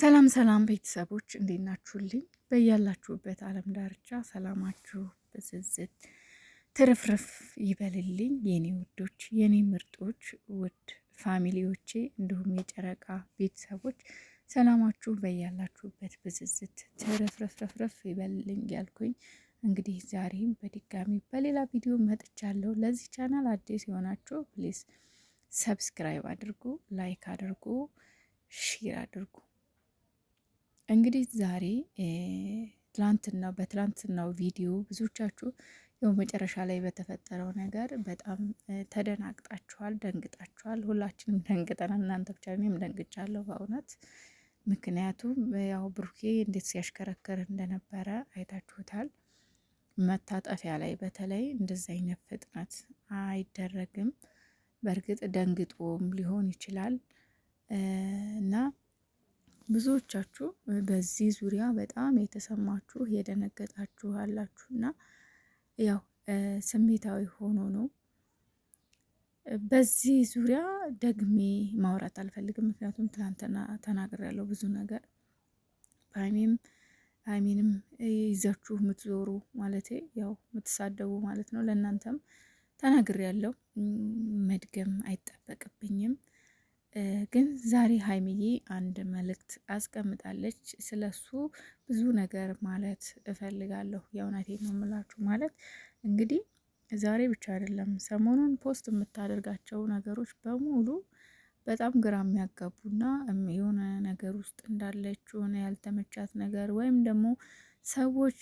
ሰላም ሰላም ቤተሰቦች እንዴት ናችሁልኝ? በያላችሁበት ዓለም ዳርቻ ሰላማችሁ ብዝዝት ትርፍርፍ ይበልልኝ የኔ ውዶች፣ የኔ ምርጦች፣ ውድ ፋሚሊዎቼ እንዲሁም የጨረቃ ቤተሰቦች ሰላማችሁ በያላችሁበት ብዝዝት ትርፍርፍርፍ ይበልልኝ ያልኩኝ እንግዲህ ዛሬም በድጋሚ በሌላ ቪዲዮ መጥቻለሁ። ለዚህ ቻናል አዲስ የሆናችሁ ፕሊስ ሰብስክራይብ አድርጉ፣ ላይክ አድርጉ፣ ሺር አድርጉ እንግዲህ ዛሬ ትላንትና በትላንትናው ቪዲዮ ብዙዎቻችሁ ያው መጨረሻ ላይ በተፈጠረው ነገር በጣም ተደናግጣችኋል፣ ደንግጣችኋል። ሁላችንም ደንግጠናል። እናንተ ብቻ እኔም ደንግጫለሁ በእውነት ምክንያቱም ያው ብሩኬ እንዴት ሲያሽከረክር እንደነበረ አይታችሁታል። መታጠፊያ ላይ በተለይ እንደዚ አይነት ፍጥነት አይደረግም። በእርግጥ ደንግጦም ሊሆን ይችላል እና ብዙዎቻችሁ በዚህ ዙሪያ በጣም የተሰማችሁ የደነገጣችሁ አላችሁ እና ያው ስሜታዊ ሆኖ ነው። በዚህ ዙሪያ ደግሜ ማውራት አልፈልግም፣ ምክንያቱም ትናንትና ተናግሬያለሁ ብዙ ነገር ሀይሜም ሀይሜንም ይዛችሁ የምትዞሩ ማለት ያው የምትሳደቡ ማለት ነው ለእናንተም ተናግሬያለሁ፣ መድገም አይጠበቅብኝም። ግን ዛሬ ሀይሚዬ አንድ መልእክት አስቀምጣለች። ስለ እሱ ብዙ ነገር ማለት እፈልጋለሁ። የእውነቴ ነው የምላችሁ። ማለት እንግዲህ ዛሬ ብቻ አይደለም ሰሞኑን ፖስት የምታደርጋቸው ነገሮች በሙሉ በጣም ግራ የሚያጋቡና የሆነ ነገር ውስጥ እንዳለች የሆነ ያልተመቻት ነገር ወይም ደግሞ ሰዎች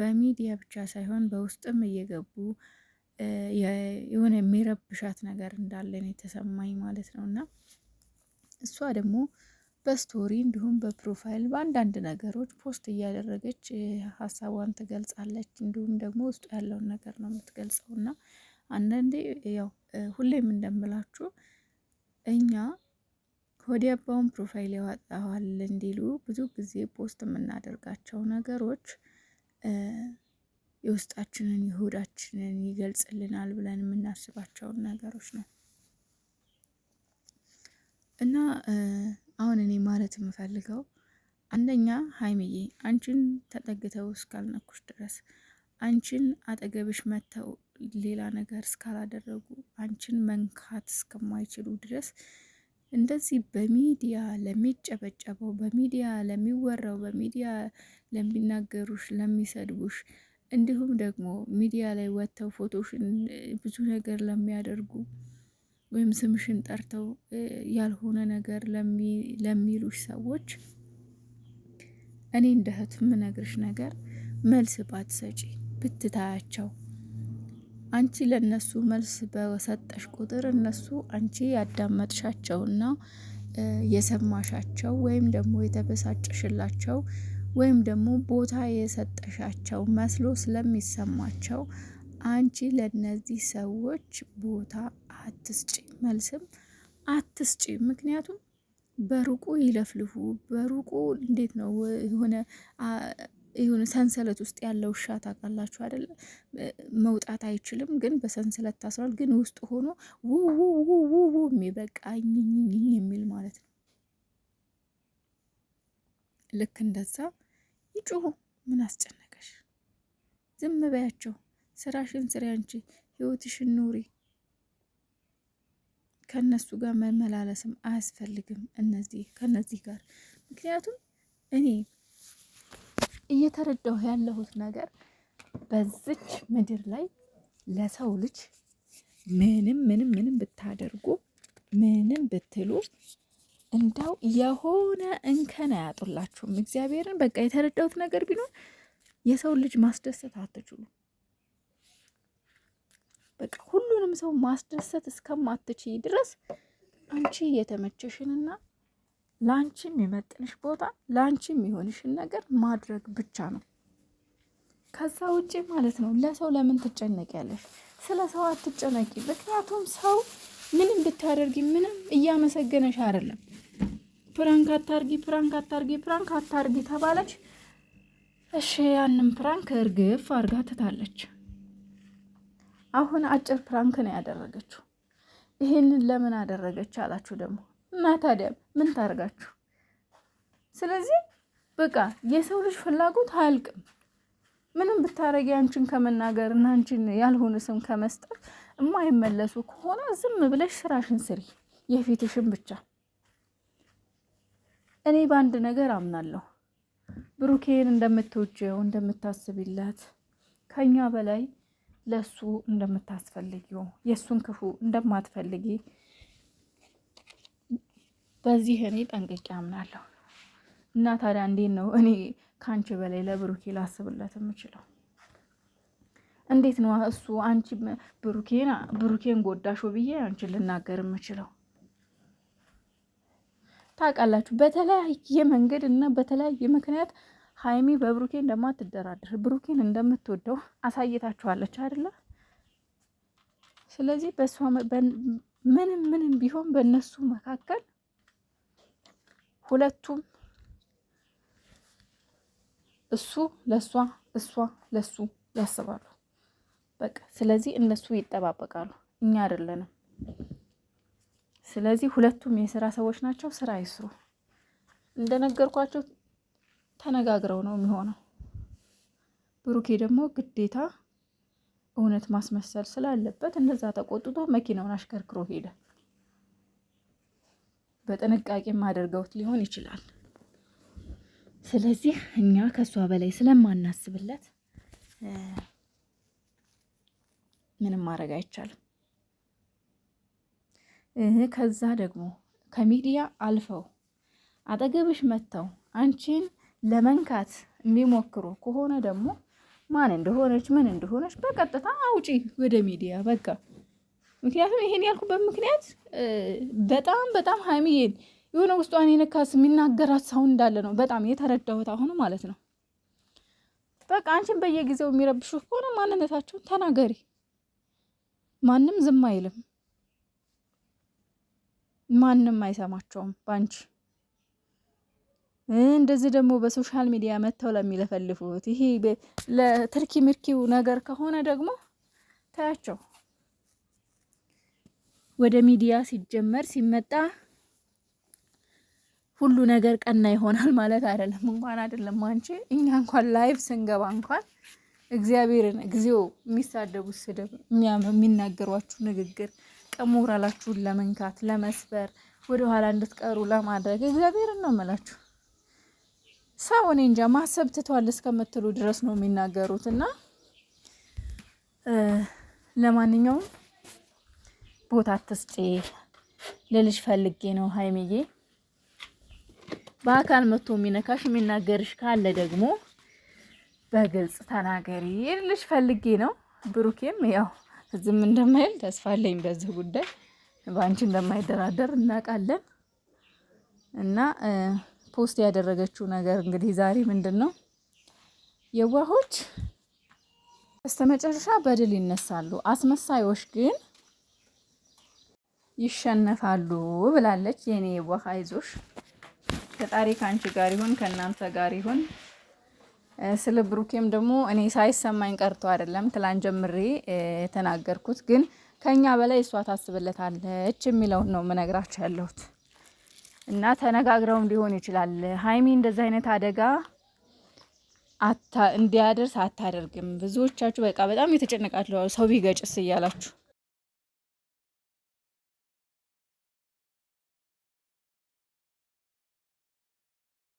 በሚዲያ ብቻ ሳይሆን በውስጥም እየገቡ የሆነ የሚረብሻት ነገር እንዳለን የተሰማኝ ማለት ነው እና እሷ ደግሞ በስቶሪ እንዲሁም በፕሮፋይል በአንዳንድ ነገሮች ፖስት እያደረገች ሀሳቧን ትገልጻለች። እንዲሁም ደግሞ ውስጡ ያለውን ነገር ነው የምትገልጸው እና አንዳንዴ ያው ሁሌም እንደምላችሁ እኛ ሆዲ ፕሮፋይል ያወጣዋል እንዲሉ ብዙ ጊዜ ፖስት የምናደርጋቸው ነገሮች የውስጣችንን የሆዳችንን ይገልጽልናል ብለን የምናስባቸውን ነገሮች ነው። እና አሁን እኔ ማለት የምፈልገው አንደኛ ሀይሚዬ አንቺን ተጠግተው እስካልነኩሽ ድረስ አንቺን አጠገብሽ መጥተው ሌላ ነገር እስካላደረጉ አንቺን መንካት እስከማይችሉ ድረስ እንደዚህ በሚዲያ ለሚጨበጨበው፣ በሚዲያ ለሚወራው፣ በሚዲያ ለሚናገሩሽ፣ ለሚሰድቡሽ እንዲሁም ደግሞ ሚዲያ ላይ ወጥተው ፎቶሽን ብዙ ነገር ለሚያደርጉ ወይም ስምሽን ጠርተው ያልሆነ ነገር ለሚሉሽ ሰዎች እኔ እንደ እህት የምነግርሽ ነገር መልስ ባትሰጪ ብትታያቸው። አንቺ ለነሱ መልስ በሰጠሽ ቁጥር እነሱ አንቺ ያዳመጥሻቸውና የሰማሻቸው ወይም ደግሞ የተበሳጨሽላቸው ወይም ደግሞ ቦታ የሰጠሻቸው መስሎ ስለሚሰማቸው አንቺ ለነዚህ ሰዎች ቦታ አትስጪ፣ መልስም አትስጪ። ምክንያቱም በሩቁ ይለፍልፉ። በሩቁ እንዴት ነው የሆነ የሆነ ሰንሰለት ውስጥ ያለው ውሻ ታውቃላችሁ አይደለ? መውጣት አይችልም፣ ግን በሰንሰለት ታስሯል። ግን ውስጥ ሆኖ ውውውውው የሚበቃ ኝኝኝ የሚል ማለት ነው። ልክ እንደዛ ይጩሁ። ምን አስጨነቀሽ? ዝም በያቸው። ስራሽን ስሪ፣ አንቺ ህይወትሽን ኑሪ። ከነሱ ጋር መመላለስም አያስፈልግም እነዚህ ከነዚህ ጋር ምክንያቱም እኔ እየተረዳሁ ያለሁት ነገር በዚች ምድር ላይ ለሰው ልጅ ምንም ምንም ምንም ብታደርጉ ምንም ብትሉ እንዳው የሆነ እንከን አያጡላችሁም። እግዚአብሔርን በቃ የተረዳሁት ነገር ቢኖር የሰው ልጅ ማስደሰት አትችሉም። በቃ ሁሉንም ሰው ማስደሰት እስከማትችይ ድረስ አንቺ የተመቸሽንና ለአንቺ የሚመጥንሽ ቦታ ለአንቺ የሚሆንሽን ነገር ማድረግ ብቻ ነው። ከዛ ውጭ ማለት ነው ለሰው ለምን ትጨነቂያለሽ? ስለ ሰው አትጨነቂ። ምክንያቱም ሰው ምንም ብታደርጊ ምንም እያመሰገነሽ አይደለም። ፕራንክ አታርጊ፣ ፕራንክ አታርጊ፣ ፕራንክ አታርጊ ተባለች። እሺ ያንን ፕራንክ እርግፍ አርጋ ትታለች። አሁን አጭር ፕራንክ ነው ያደረገችው። ይሄንን ለምን አደረገች አላችሁ ደግሞ እና ታዲያ ምን ታርጋችሁ? ስለዚህ በቃ የሰው ልጅ ፍላጎት አያልቅም። ምንም ብታረጊ አንቺን ከመናገር እና አንቺን ያልሆነ ስም ከመስጠት የማይመለሱ ከሆነ ዝም ብለሽ ስራሽን ስሪ፣ የፊትሽን ብቻ። እኔ በአንድ ነገር አምናለሁ፣ ብሩኬን እንደምትወጀው እንደምታስብላት ከኛ በላይ ለሱ እንደምታስፈልጊው የእሱን ክፉ እንደማትፈልጊ በዚህ እኔ ጠንቅቄ አምናለሁ። እና ታዲያ እንዴት ነው እኔ ከአንቺ በላይ ለብሩኬ ላስብለት የምችለው? እንዴት ነው እሱ አንቺ ብሩኬን ብሩኬን ጎዳሾ ብዬ አንቺ ልናገር የምችለው? ታውቃላችሁ በተለያየ መንገድ እና በተለያየ ምክንያት ሀይሚ በብሩኬ እንደማትደራደር ብሩኬን እንደምትወደው አሳይታችኋለች አይደለ? ስለዚህ በእሷ ምንም ምንም ቢሆን በእነሱ መካከል ሁለቱም እሱ ለእሷ እሷ ለሱ ያስባሉ። በቃ ስለዚህ እነሱ ይጠባበቃሉ፣ እኛ አይደለንም። ስለዚህ ሁለቱም የስራ ሰዎች ናቸው፣ ስራ ይስሩ እንደነገርኳቸው ተነጋግረው ነው የሚሆነው። ብሩኬ ደግሞ ግዴታ እውነት ማስመሰል ስላለበት እንደዛ ተቆጥቶ መኪናውን አሽከርክሮ ሄደ። በጥንቃቄም ማደርገውት ሊሆን ይችላል። ስለዚህ እኛ ከእሷ በላይ ስለማናስብለት ምንም ማድረግ አይቻልም። ከዛ ደግሞ ከሚዲያ አልፈው አጠገብሽ መጥተው አንቺን ለመንካት የሚሞክሩ ከሆነ ደግሞ ማን እንደሆነች ምን እንደሆነች በቀጥታ አውጪ ወደ ሚዲያ በቃ። ምክንያቱም ይሄን ያልኩበት ምክንያት በጣም በጣም ሀይሚዬን የሆነ ውስጧን የነካስ የሚናገራት ሰው እንዳለ ነው በጣም የተረዳሁት አሁን ማለት ነው። በቃ አንቺን በየጊዜው የሚረብሹ ከሆነ ማንነታቸውን ተናገሪ። ማንም ዝም አይልም፣ ማንም አይሰማቸውም በአንቺ እንደዚህ ደግሞ በሶሻል ሚዲያ መጥተው ለሚለፈልፉት ይሄ ለትርኪ ምርኪው ነገር ከሆነ ደግሞ ታያቸው። ወደ ሚዲያ ሲጀመር ሲመጣ ሁሉ ነገር ቀና ይሆናል ማለት አይደለም። እንኳን አይደለም አንቺ እኛ እንኳን ላይቭ ስንገባ እንኳን እግዚአብሔርን እግዚኦ የሚሳደቡት ስድብ፣ የሚናገሯችሁ ንግግር ቀን ሞራላችሁን ለመንካት ለመስበር፣ ወደኋላ እንድትቀሩ ለማድረግ እግዚአብሔርን ነው የምላችሁ። ሰው እኔ እንጃ ማሰብ ትቷል እስከምትሉ ድረስ ነው የሚናገሩት። እና ለማንኛውም ቦታ አትስጪ ልልሽ ፈልጌ ነው ሀይሚዬ። በአካል መጥቶ የሚነካሽ የሚናገርሽ ካለ ደግሞ በግልጽ ተናገሪ ልልሽ ፈልጌ ነው። ብሩኬም ያው ዝም እንደማይል ተስፋ አለኝ በዚህ ጉዳይ በአንቺ እንደማይደራደር እናውቃለን እና ፖስት ያደረገችው ነገር እንግዲህ ዛሬ ምንድን ነው የዋሆች በስተመጨረሻ በድል ይነሳሉ፣ አስመሳዮች ግን ይሸነፋሉ ብላለች። የኔ የዋህ አይዞሽ፣ ፈጣሪ ከአንቺ ጋር ይሁን፣ ከእናንተ ጋር ይሁን። ስለ ብሩኬም ደግሞ እኔ ሳይሰማኝ ቀርቶ አይደለም ትላን ጀምሬ የተናገርኩት ግን ከኛ በላይ እሷ ታስብለታለች የሚለውን ነው ምነግራችሁ ያለሁት። እና ተነጋግረውም ሊሆን ይችላል። ሀይሚ እንደዚህ አይነት አደጋ እንዲያደርስ አታደርግም። ብዙዎቻችሁ በቃ በጣም የተጨነቃችሁ ሰው ቢገጭስ እያላችሁ